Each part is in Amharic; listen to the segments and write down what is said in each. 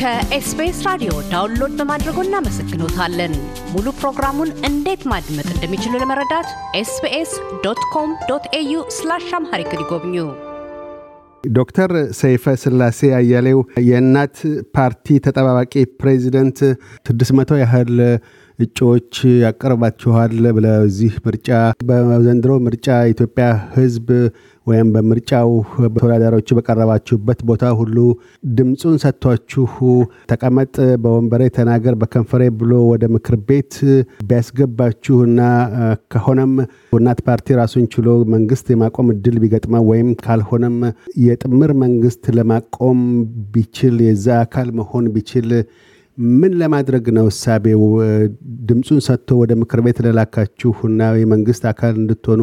ከኤስቢኤስ ራዲዮ ዳውንሎድ በማድረጎ እናመሰግኖታለን። ሙሉ ፕሮግራሙን እንዴት ማድመጥ እንደሚችሉ ለመረዳት ኤስቢኤስ ዶት ኮም ዶት ኤዩ ስላሽ አምሃሪክ ይጎብኙ። ዶክተር ሰይፈ ስላሴ አያሌው የእናት ፓርቲ ተጠባባቂ ፕሬዚደንት 600 ያህል እጩዎች ያቀርባችኋል ብለዚህ ምርጫ በዘንድሮ ምርጫ ኢትዮጵያ ህዝብ ወይም በምርጫው ተወዳዳሪዎቹ በቀረባችሁበት ቦታ ሁሉ ድምፁን ሰጥቷችሁ ተቀመጥ፣ በወንበሬ ተናገር፣ በከንፈሬ ብሎ ወደ ምክር ቤት ቢያስገባችሁ እና ከሆነም እናት ፓርቲ ራሱን ችሎ መንግስት የማቆም እድል ቢገጥመው ወይም ካልሆነም የጥምር መንግስት ለማቆም ቢችል የዛ አካል መሆን ቢችል ምን ለማድረግ ነው እሳቤው? ድምፁን ሰጥቶ ወደ ምክር ቤት ለላካችሁ እና የመንግስት አካል እንድትሆኑ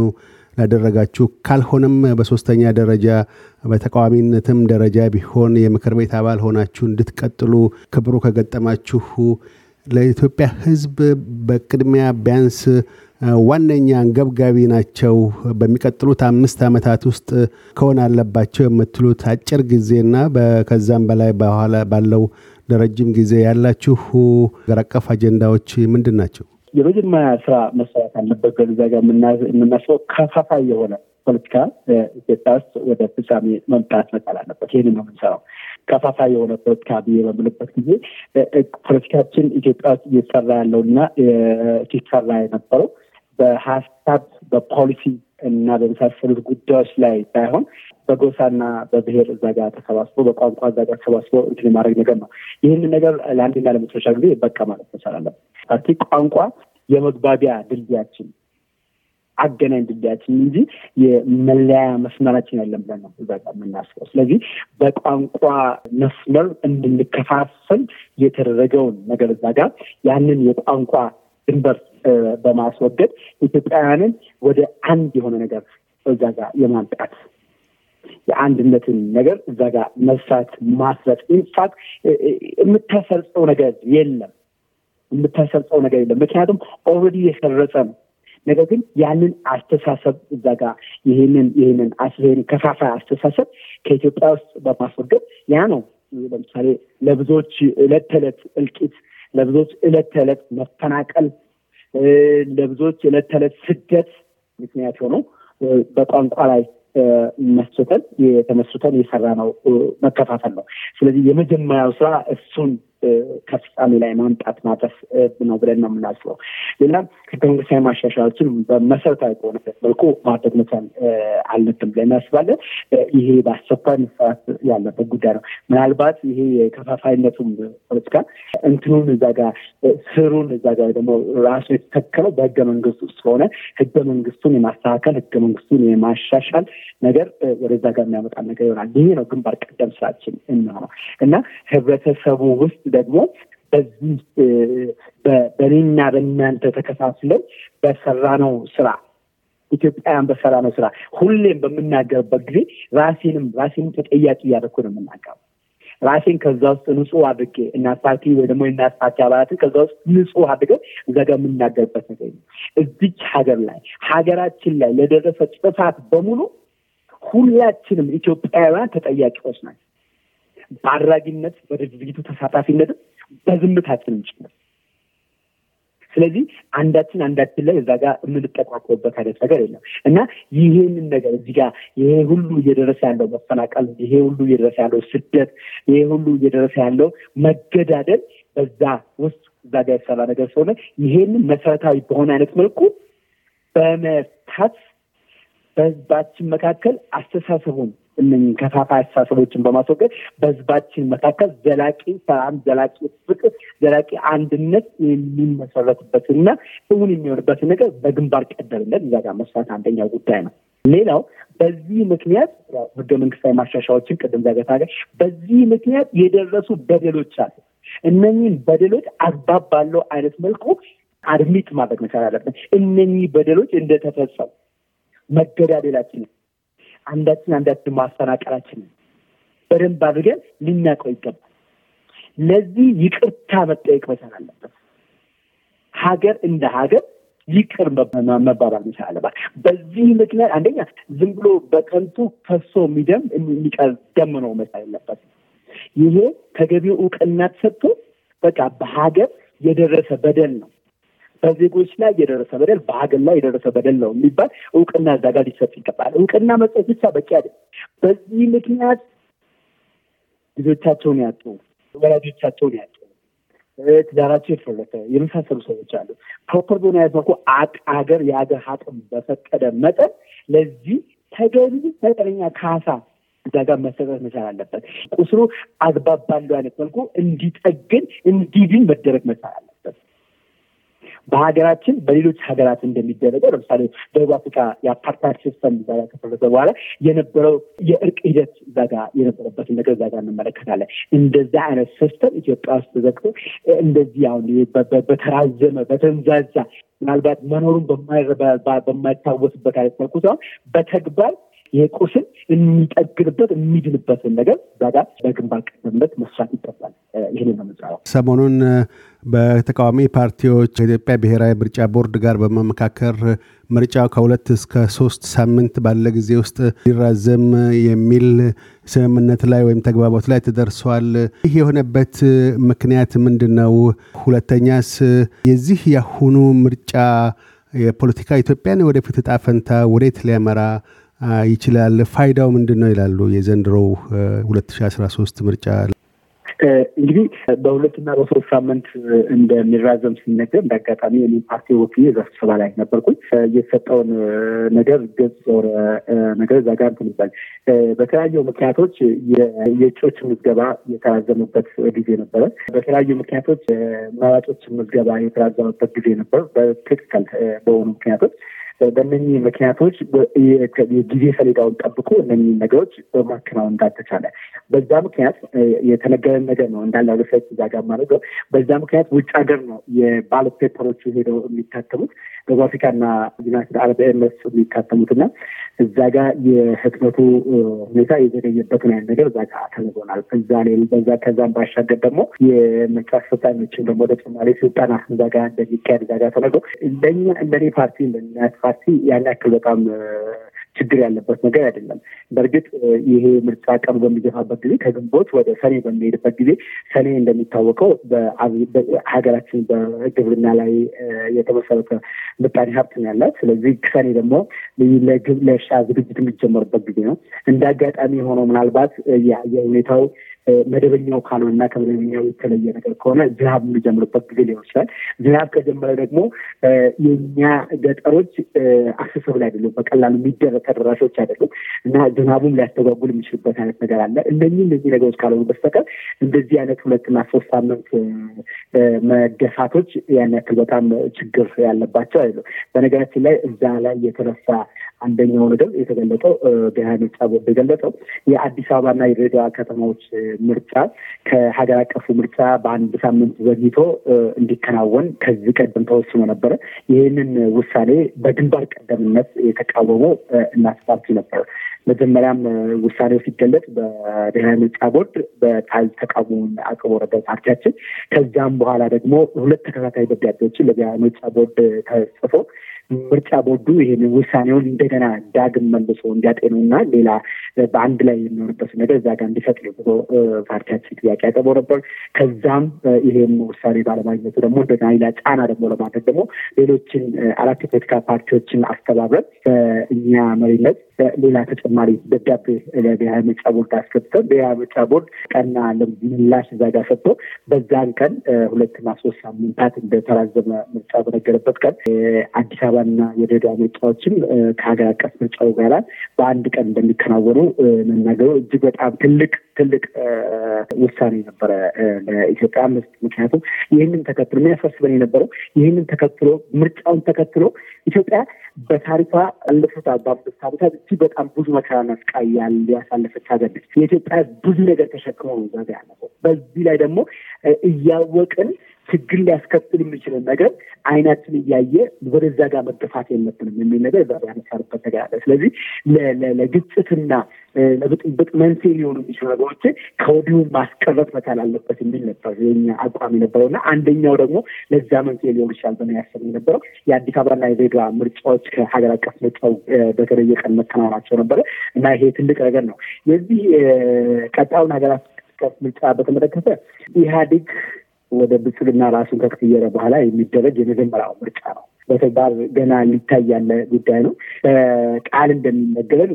ላደረጋችሁ ካልሆነም በሶስተኛ ደረጃ በተቃዋሚነትም ደረጃ ቢሆን የምክር ቤት አባል ሆናችሁ እንድትቀጥሉ ክብሩ ከገጠማችሁ ለኢትዮጵያ ህዝብ በቅድሚያ ቢያንስ ዋነኛ አንገብጋቢ ናቸው በሚቀጥሉት አምስት ዓመታት ውስጥ ከሆነ አለባቸው የምትሉት አጭር ጊዜና ከዛም በላይ ባለው ለረጅም ጊዜ ያላችሁ አገር አቀፍ አጀንዳዎች ምንድን ናቸው? የመጀመሪያ ስራ መሰራት አለበት። ከዛ ጋር የምናስበው ከፋፋይ የሆነ ፖለቲካ ኢትዮጵያ ውስጥ ወደ ፍጻሜ መምጣት መጣል አለበት። ይህን ነው የምንሰራው። ከፋፋ የሆነ ፖለቲካ ብዬ በምልበት ጊዜ ፖለቲካችን ኢትዮጵያ ውስጥ እየሰራ ያለውና ሲሰራ የነበረው በሀሳብ በፖሊሲ እና በመሳሰሉት ጉዳዮች ላይ ሳይሆን በጎሳና በብሔር እዛ ጋር ተሰባስቦ በቋንቋ እዛ ጋር ተሰባስቦ እንትን የማድረግ ነገር ነው። ይህንን ነገር ለአንድና ለመጨረሻ ጊዜ በቃ ማለት መሰላለን። ፓርቲ ቋንቋ የመግባቢያ ድልድያችን አገናኝ ድልድያችን እንጂ የመለያ መስመራችን ያለን ብለን ነው እዛ ጋር የምናስበው። ስለዚህ በቋንቋ መስመር እንድንከፋፈል የተደረገውን ነገር እዛ ጋር ያንን የቋንቋ ድንበር በማስወገድ ኢትዮጵያውያንን ወደ አንድ የሆነ ነገር እዛ ጋር የማምጣት የአንድነትን ነገር እዛ ጋር መስራት ማስረት ኢንፋክት የምታሰርጸው ነገር የለም የምታሰርጸው ነገር የለም። ምክንያቱም ኦልሬዲ የሰረጸ ነው። ነገር ግን ያንን አስተሳሰብ እዛ ጋ ይህንን ይህንን ከፋፋይ አስተሳሰብ ከኢትዮጵያ ውስጥ በማስወገድ ያ ነው ለምሳሌ ለብዙዎች እለት ተዕለት እልቂት፣ ለብዙዎች እለት ተዕለት መፈናቀል፣ ለብዙዎች እለት ተዕለት ስደት ምክንያት የሆነው በቋንቋ ላይ መስርተን የተመስርተን የሰራ ነው መከፋፈል ነው። ስለዚህ የመጀመሪያው ስራ እሱን ከፍጻሜ ላይ ማምጣት ማድረስ ነው ብለን ነው የምናስበው። ሌላም ህገ መንግስታዊ ማሻሻያዎችን መሰረታዊ በሆነ መልኩ ማድረግ መቻል አለብን ብለን እናስባለን። ይሄ በአስቸኳይ መሰራት ያለበት ጉዳይ ነው። ምናልባት ይሄ የከፋፋይነቱም ፖለቲካ እንትኑን እዛ ጋር ስሩን እዛ ጋር ደግሞ ራሱ የተተከለው በህገ ውስጥ ስለሆነ ህገ መንግስቱን የማስተካከል ህገ መንግስቱን የማሻሻል ነገር ወደዛ ጋር የሚያመጣ ነገር ይሆናል። ይሄ ነው ግንባር ቀደም ስራችን እና ህብረተሰቡ ውስጥ ደግሞ በዚህ በእኔና በእናንተ ተከፋፍለው በሰራነው ስራ ኢትዮጵያውያን በሰራነው ስራ ሁሌም በምናገርበት ጊዜ ራሴንም ራሴንም ተጠያቂ እያደረኩ ነው የምናገረው። ራሴን ከዛ ውስጥ ንጹህ አድርጌ እናት ፓርቲ ወይ ደግሞ የእናት ፓርቲ አባላትን ከዛ ውስጥ ንጹህ አድርገው እዛ ጋር የምናገርበት ነገር ነው። እዚች ሀገር ላይ ሀገራችን ላይ ለደረሰ ጥፋት በሙሉ ሁላችንም ኢትዮጵያውያን ተጠያቂዎች ናቸው። በአድራጊነት ወደ ተሳታፊነት በዝምታችን ጭምር። ስለዚህ አንዳችን አንዳችን ላይ እዛ ጋር የምንጠቋቆበት አይነት ነገር የለም እና ይህንን ነገር እዚህ ጋር ይሄ ሁሉ እየደረሰ ያለው መፈናቀል፣ ይሄ ሁሉ እየደረሰ ያለው ስደት፣ ይሄ ሁሉ እየደረሰ ያለው መገዳደል በዛ ውስጥ እዛ ጋር የተሰራ ነገር ስለሆነ ይሄንን መሰረታዊ በሆነ አይነት መልኩ በመፍታት በህዝባችን መካከል አስተሳሰቡን እነኝህ ከፋፋይ አስተሳሰቦችን በማስወገድ በህዝባችን መካከል ዘላቂ ሰላም፣ ዘላቂ ፍቅር፣ ዘላቂ አንድነት የሚመሰረትበትና እውን የሚሆንበትን ነገር በግንባር ቀደምነት እዛ ጋር መስራት አንደኛው ጉዳይ ነው። ሌላው በዚህ ምክንያት ህገ መንግስታዊ ማሻሻዎችን ቅድም ዘገታ በዚህ ምክንያት የደረሱ በደሎች አሉ። እነኚህን በደሎች አግባብ ባለው አይነት መልኩ አድሚት ማድረግ መቻል አለብን። እነኚህ በደሎች እንደተፈጸሙ መገዳደላችን አንዳችን አንዳችን ማፈናቀላችንን በደንብ አድርገን ልናውቀው ይገባል። ለዚህ ይቅርታ መጠየቅ መቻል አለበት። ሀገር እንደ ሀገር ይቅር መባባል መቻል አለባት። በዚህ ምክንያት አንደኛ ዝም ብሎ በከንቱ ፈሶ የሚደም የሚቀር ደም ነው መቻል አለበት። ይሄ ተገቢው እውቅና ተሰጥቶ በቃ በሀገር የደረሰ በደል ነው በዜጎች ላይ የደረሰ በደል በሀገር ላይ የደረሰ በደል ነው የሚባል እውቅና እዛ ጋር ሊሰጥ ይገባል። እውቅና መስጠት ብቻ በቂ አይደለም። በዚህ ምክንያት ልጆቻቸውን ያጡ፣ ወላጆቻቸውን ያጡ፣ ትዳራቸው የፈረሰ የመሳሰሉ ሰዎች አሉ። ፕሮፐር በሆነ ያዝ አገር የሀገር አቅም በፈቀደ መጠን ለዚህ ተገቢ መጠነኛ ካሳ እዛ ጋር መሰጠት መቻል አለበት። ቁስሉ አግባብ ባለው አይነት መልኩ እንዲጠግን እንዲድን መደረግ መቻል አለበት። በሀገራችን በሌሎች ሀገራት እንደሚደረገው ለምሳሌ ደቡብ አፍሪካ የአፓርታይድ ሲስተም ዛጋ ከፈረሰ በኋላ የነበረው የእርቅ ሂደት ዛጋ የነበረበትን ነገር ዛጋ እንመለከታለን። እንደዛ አይነት ሲስተም ኢትዮጵያ ውስጥ ተዘግቶ እንደዚህ አሁን በተራዘመ በተንዛዛ ምናልባት መኖሩን በማይታወስበት አይነት መልኩ ሳይሆን በተግባር ይሄ ቁስል የሚጠግንበት የሚድንበትን ነገር በጋት በግንባር ቀደምነት መስራት ይገባል። ይህን ነው ሰሞኑን በተቃዋሚ ፓርቲዎች ከኢትዮጵያ ብሔራዊ ምርጫ ቦርድ ጋር በመመካከር ምርጫው ከሁለት እስከ ሶስት ሳምንት ባለ ጊዜ ውስጥ ሊራዘም የሚል ስምምነት ላይ ወይም ተግባቦት ላይ ተደርሷል። ይህ የሆነበት ምክንያት ምንድን ነው? ሁለተኛስ የዚህ ያሁኑ ምርጫ የፖለቲካ ኢትዮጵያን ወደፊት እጣ ፈንታ ወዴት ሊያመራ ይችላል? ፋይዳው ምንድን ነው ይላሉ የዘንድሮው 2013 ምርጫ እንግዲህ በሁለትና በሶስት ሳምንት እንደሚራዘም ሲነገር እንዳጋጣሚ አጋጣሚ እኔ ፓርቲ ወክዬ እዛ ስብሰባ ላይ ነበርኩኝ። የተሰጠውን ነገር ገጽ ዞረ ነገር እዛ ጋር ትንባል በተለያዩ ምክንያቶች የእጩዎች ምዝገባ የተራዘመበት ጊዜ ነበረ። በተለያዩ ምክንያቶች መራጮች ምዝገባ የተራዘመበት ጊዜ ነበር። በትክክል በሆኑ ምክንያቶች በእነኚህ ምክንያቶች የጊዜ ሰሌዳውን ጠብቆ እነኚህ ነገሮች በማከናወን እንዳልተቻለ በዛ ምክንያት የተነገረን ነገር ነው እንዳለ ሪሰርች እዛ ጋር ማድረገው በዛ ምክንያት ውጭ ሀገር ነው የባለት ፔፐሮቹ ሄደው የሚታተሙት ደቡብ አፍሪካ አፍሪካና ዩናይትድ አረብ ኤምሬትስ የሚታተሙትና እዛ ጋር የህትመቱ ሁኔታ የዘገየበትን አይነት ነገር እዛ ጋር ተነግሮናል። እዛ በዛ ከዛም ባሻገር ደግሞ የምርጫ አስፈጻሚዎችም ደግሞ ተጨማሪ ስልጠና እዛ ጋር እንደሚካሄድ እዛ ጋር ተነግሮ እንደኛ እንደኔ ፓርቲ እንደኛ ፓርቲ ያን ያክል በጣም ችግር ያለበት ነገር አይደለም። በእርግጥ ይሄ ምርጫ ቀኑ በሚገፋበት ጊዜ ከግንቦት ወደ ሰኔ በሚሄድበት ጊዜ ሰኔ እንደሚታወቀው ሀገራችን በግብርና ላይ የተመሰረተ ምጣኔ ሀብት ነው ያላት። ስለዚህ ሰኔ ደግሞ ለእርሻ ዝግጅት የሚጀመርበት ጊዜ ነው። እንደ አጋጣሚ ሆኖ ምናልባት የሁኔታው መደበኛው እና ከመደበኛው የተለየ ነገር ከሆነ ዝናብ የሚጀምርበት ጊዜ ሊሆን ይችላል። ዝናብ ከጀመረ ደግሞ የኛ ገጠሮች አስሰብ ላይ አይደሉም፣ በቀላሉ የሚደረግ ተደራሾች አይደሉም እና ዝናቡም ሊያስተጓጉል የሚችልበት አይነት ነገር አለ። እነዚህ እነዚህ ነገሮች ካልሆኑ በስተቀር እንደዚህ አይነት ሁለትና ሶስት ሳምንት መደፋቶች ያን ያክል በጣም ችግር ያለባቸው አይደሉም። በነገራችን ላይ እዛ ላይ የተነሳ አንደኛው ነጥብ የተገለጠው ብርሃኔ ጫቦ የገለጠው የአዲስ አበባና የድሬዳዋ ከተማዎች ምርጫ ከሀገር አቀፉ ምርጫ በአንድ ሳምንት ዘግይቶ እንዲከናወን ከዚህ ቀደም ተወስኖ ነበረ። ይህንን ውሳኔ በግንባር ቀደምነት የተቃወመው እናት ፓርቲ ነበር። መጀመሪያም ውሳኔው ሲገለጽ በብሔራዊ ምርጫ ቦርድ በታል ተቃውሞውን አቅርቦ ነበር ፓርቲያችን። ከዚያም በኋላ ደግሞ ሁለት ተከታታይ ደብዳቤዎችን ለብሔራዊ ምርጫ ቦርድ ተጽፎ ምርጫ ቦርዱ ይህን ውሳኔውን እንደገና ዳግም መልሶ እንዲያጤኑ እና ሌላ በአንድ ላይ የሚሆንበት ነገር እዛ ጋር እንዲፈጥር ብሎ ፓርቲያችን ጥያቄ ያቀርበው ነበር። ከዛም ይሄን ውሳኔ ባለማግኘቱ ደግሞ እንደገና ሌላ ጫና ደግሞ ለማድረግ ደግሞ ሌሎችን አራት የፖለቲካ ፓርቲዎችን አስተባብረን በእኛ መሪነት ሌላ ተጨማሪ ደብዳቤ ለብሔራዊ ምርጫ ቦርድ አስገብተን ብሔራዊ ምርጫ ቦርድ ቀና ምላሽ እዛ ጋር ሰጥቶ በዛን ቀን ሁለትና ሶስት ሳምንታት እንደተራዘመ ምርጫ በነገረበት ቀን አዲስ አበባና የድሬዳዋ ምርጫዎችም ከሀገር አቀፍ ምርጫው ጋራ በአንድ ቀን እንደሚከናወኑ መናገሩ እጅግ በጣም ትልቅ ትልቅ ውሳኔ ነበረ ለኢትዮጵያ ምስጥ ምክንያቱም ይህንን ተከትሎ የሚያሳስበን የነበረው ይህንን ተከትሎ ምርጫውን ተከትሎ ኢትዮጵያ በታሪኳ አለፉት አባ አምስት ዓመታት እጅግ በጣም ብዙ መከራና ስቃይ ያሳለፈች ሀገር ነች። የኢትዮጵያ ብዙ ነገር ተሸክሞ ነው እዛ ያለፈው። በዚህ ላይ ደግሞ እያወቅን ችግር ሊያስከትል የሚችልን ነገር አይናችን እያየ ወደዛ ጋር መገፋት የለብንም የሚል ነገር እዛ ያነሳርበት ነገር አለ። ስለዚህ ለግጭትና ለብጥብጥ መንስኤ ሊሆኑ የሚችሉ ነገሮች ከወዲሁ ማስቀረት መቻል አለበት የሚል ነበር የኛ አቋም የነበረው እና አንደኛው ደግሞ ለዛ መንስኤ ሊሆን ይችላል በምን ያሰብ የነበረው የአዲስ አበባና የዜጋ ምርጫዎች ከሀገር አቀፍ ምርጫው በተለየ ቀን መከናወናቸው ነበረ እና ይሄ ትልቅ ነገር ነው። የዚህ ቀጣዩን ሀገር አቀፍ ምርጫ በተመለከተ ኢህአዴግ ወደ ብልጽግና ራሱን ከቀየረ በኋላ የሚደረግ የመጀመሪያው ምርጫ ነው። በተግባር ገና ሊታይ ያለ ጉዳይ ነው። ቃል እንደሚነገረን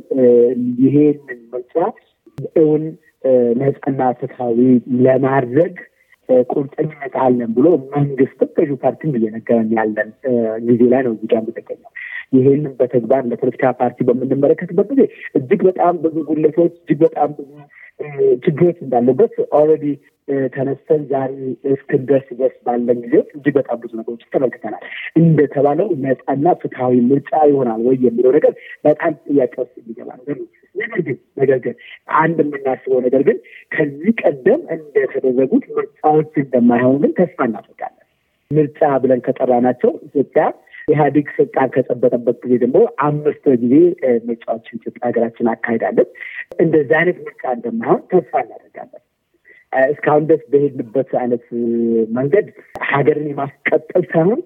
ይሄን ምርጫ እውን ነፃና ፍትሃዊ ለማድረግ ቁርጠኝነት አለን ብሎ መንግስትም ገዢ ፓርቲም እየነገረን ያለን ጊዜ ላይ ነው እዚጋ የምንገኘው። ይህንም በተግባር ለፖለቲካ ፓርቲ በምንመለከትበት ጊዜ እጅግ በጣም ብዙ ጉለቶች እጅግ በጣም ብዙ ችግሮች እንዳለበት ኦልሬዲ ተነስተን ዛሬ እስክንደርስ ድረስ ባለን ጊዜ እጅግ በጣም ብዙ ነገሮች ተመልክተናል። እንደተባለው ነፃና ፍትሐዊ ምርጫ ይሆናል ወይ የሚለው ነገር በጣም ጥያቄ ውስጥ የሚገባ ነገር ነገር ግን ነገር ግን አንድ የምናስበው ነገር ግን ከዚህ ቀደም እንደተደረጉት ምርጫዎች እንደማይሆኑ ግን ተስፋ እናደርጋለን። ምርጫ ብለን ከጠራናቸው ኢትዮጵያ ኢህአዴግ ስልጣን ከጨበጠበት ጊዜ ደግሞ አምስት ጊዜ ምርጫዎችን ኢትዮጵያ ሀገራችን አካሄዳለን። እንደዚህ አይነት ምርጫ እንደማይሆን ተስፋ እናደርጋለን። እስካሁን ደስ በሄድንበት አይነት መንገድ ሀገርን የማስቀጠል ሳይሆን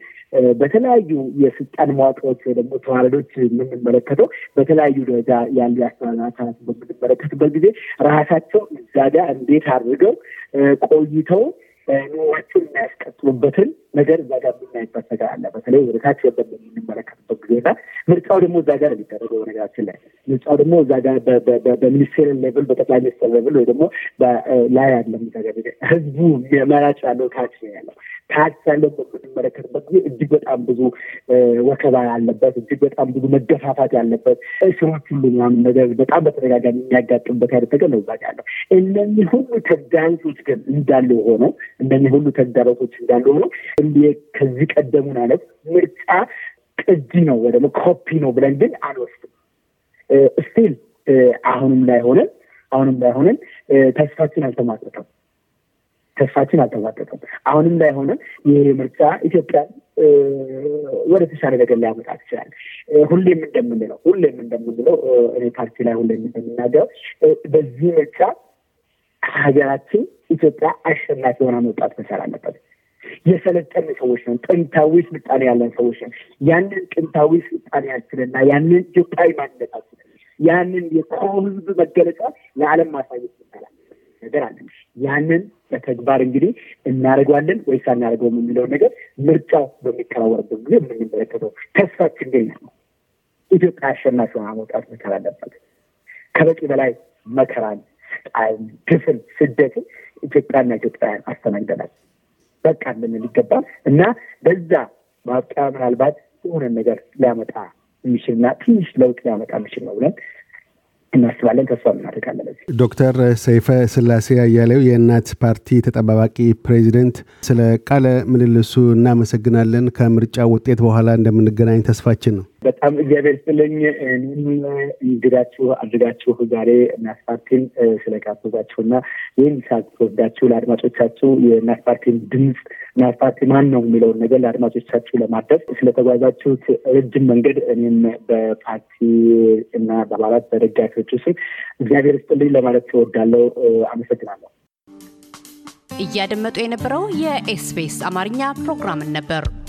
በተለያዩ የስልጣን መዋቅሮች ወይ ደግሞ ተዋረዶች የምንመለከተው በተለያዩ ደረጃ ያሉ የአስተዳደር አካላት በምንመለከትበት ጊዜ ራሳቸው እዛ ጋር እንዴት አድርገው ቆይተው ኑሯቸው የሚያስቀጥሉበትን ነገር እዛ ጋር የምናይበት ነገር አለ። በተለይ ወደ ታች በምንመለከትበት ጊዜ ጊዜና ምርጫው ደግሞ እዛ ጋር የሚደረገው በነገራችን ላይ ምርጫው ደግሞ እዛ ጋር በሚኒስቴር ሌቭል በጠቅላይ ሚኒስትር ሌቭል ወይ ደግሞ ላይ ያለ ህዝቡ መራጭ ያለው ታች ነው ያለው ታክስ ያለው በምንመለከትበት ጊዜ እጅግ በጣም ብዙ ወከባ ያለበት እጅግ በጣም ብዙ መገፋፋት ያለበት እስሮች ሁሉ ምናምን ነገር በጣም በተደጋጋሚ የሚያጋጥምበት አይነት ነገር ነው እዛ ያለው። እነኚህ ሁሉ ተግዳሮቶች ግን እንዳለ ሆነው እነኚህ ሁሉ ተግዳሮቶች እንዳለ ሆነው እንዲ ከዚህ ቀደሙን አይነት ምርጫ ቅጂ ነው ወይ ደግሞ ኮፒ ነው ብለን ግን አንወስድም። ስቲል አሁንም ላይ ሆነን አሁንም ላይ ሆነን ተስፋችን አልተሟጠጠም። ተስፋችን አልተዋጠጠም። አሁንም ላይ ሆነ ይህ ምርጫ ኢትዮጵያ ወደ ተሻለ ነገር ሊያመጣት ይችላል። ሁሌም እንደምንለው ሁሌም እንደምንለው እኔ ፓርቲ ላይ ሁሌም እንደምናገረው በዚህ ምርጫ ሀገራችን ኢትዮጵያ አሸናፊ የሆነ መውጣት መቻል አለበት። የሰለጠን ሰዎች ነን። ጥንታዊ ስልጣኔ ያለን ሰዎች ነን። ያንን ጥንታዊ ስልጣኔያችንና ያንን ኢትዮጵያዊ ማንነታችንን ያንን የኮ ህዝብ መገለጫ ለዓለም ማሳየት ይቻላል። ነገር አለን። ያንን በተግባር እንግዲህ እናደርገዋለን ወይስ አናደርገውም የሚለውን ነገር ምርጫው በሚከናወርበት ጊዜ የምንመለከተው ተስፋችን ግን ነው። ኢትዮጵያ አሸናፊ ሆና መውጣት መቻል አለበት። ከበቂ በላይ መከራን፣ ስቃይን፣ ግፍን፣ ስደትን ኢትዮጵያና ኢትዮጵያውያን አስተናግደናል። በቃ ልንል ይገባል እና በዛ ማብቂያ ምናልባት የሆነ ነገር ሊያመጣ የሚችልና ትንሽ ለውጥ ሊያመጣ የሚችል ነው ብለን እናስባለን፣ ተስፋ እናደርጋለን። ዶክተር ሰይፈ ስላሴ አያሌው የእናት ፓርቲ ተጠባባቂ ፕሬዚደንት፣ ስለ ቃለ ምልልሱ እናመሰግናለን። ከምርጫ ውጤት በኋላ እንደምንገናኝ ተስፋችን ነው። በጣም እግዚአብሔር ስለኝ እኔም እንግዳችሁ አድርጋችሁ ዛሬ ናስፓርቲን እና ይህን ሰዓት ወስዳችሁ ለአድማጮቻችሁ የናስፓርቲን ድምፅ ናስፓርቲ ማን ነው የሚለውን ነገር ለአድማጮቻችሁ ለማድረስ ስለተጓዛችሁት ረጅም መንገድ እኔም በፓርቲ እና በአባላት በደጋፊዎቹ ስም እግዚአብሔር ስጥልኝ ለማለት እወዳለሁ። አመሰግናለሁ። እያደመጡ የነበረው የኤስፔስ አማርኛ ፕሮግራምን ነበር።